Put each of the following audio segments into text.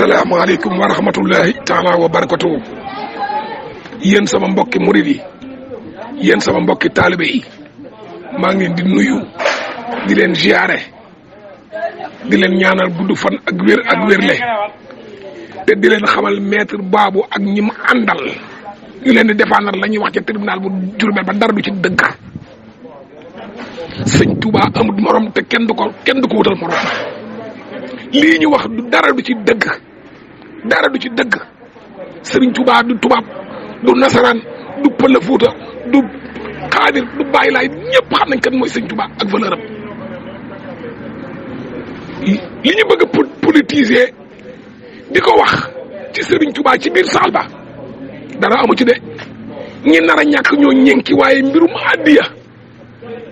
asalaamaaleykum wa rahmatullahi taala wa barakatuhu yéen sama mbokki murid yi yéen sama mbokki taalibe yi maa ngi leen di nuyu di leen ziyaare di leen ñaanal gudd fan ak wér ak wérle te di leen xamal maître Babou ak ñi mu àndal ñu leen di défendre la ñuy wax ca tribunal bu Diourbel ba dara du ci dëgg sëñ Touba amut morom te kenn du ko kenn du ko wutal morom lii ñu wax du dara du ci dëgg dara du ci dëgg sëriñ Touba du tubaab du nasaraan du Pël Fuuta du xaadir du Baay Laay ñëpp xam nañ kan mooy Serigne Touba ak valeur li ñu bëgg a politiser di ko wax ci Serigne Touba ci biir saal ba dara amu ci de ñi nar a ñàkk ñoo ñenki waaye mbirum addiya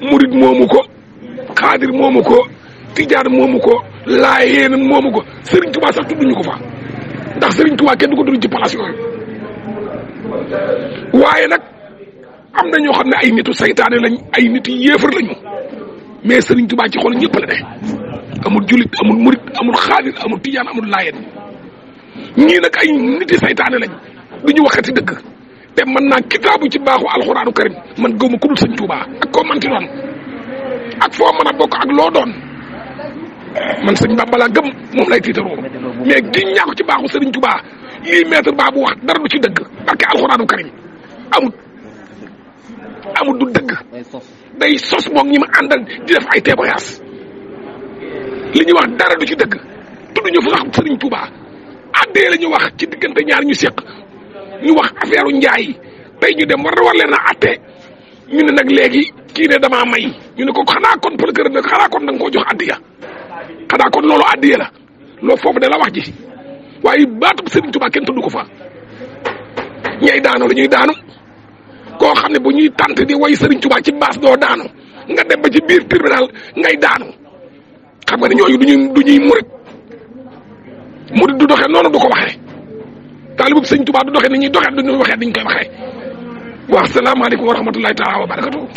murit moomu ko xaadir moomu ko tijaan moomu ko laayeen moomu ko sëriñ Touba sax tudduñu ko fa ndax Serigne Touba kenn du ko dugal ci palaas yooyu waaye nag am na ñoo xam ne ay nitu saytaane lañ ay nitu yéefar lañu mais Serigne Touba ci xol ñëpp la ne amul julit amul murit amul xaadir amul tijaan amul laayeen ñii nag ay niti saytaane lañ du ñu waxati dëgg te man naa kitaabu ci baaxu alxuraanu karim man gëw ma ku dul Sëñ Touba ak koo manti doon ak foo mën a bokk ak loo doon man sañ Bàmba laa gëm moom lay tiitaroo mais giñ ñaa ci baaxu sëriñ Touba lii maître baa bu wax dara du ci dëgg barke alxuraanu karim amut amut du dëgg day sos moom ñi ma àndal di def ay témoignage li ñuy wax dara du ci dëgg tudd ñu fa sax Serigne Touba addee la ñu wax ci diggante ñaar ñu seq ñu wax affaire njaay tey ñu dem war na war leen a atte ñu ne nag léegi kii ne damaa may ñu ne ko xanaa kon procureur nag xanaa kon da nga koo jox addiya xanaa kon loolu addiya la loolu foofu de la wax ji waaye baatub sëriñ Touba kenn tudd ko fa ñay daanu la ñuy daanu koo xam ne bu ñuy tànt di way Serigne Touba ci baas doo daanu nga dem ba ci biir tribunal ngay daanu xam nga ne ñooyu duñuy du ñuy murit murit du doxee noonu du ko waxee taalibu Serigne Touba du doxee ni ñuy doxee du ñuy waxee diñ koy waxee waa salaamaaleykum wa rahmatullahi taala wa barakatuh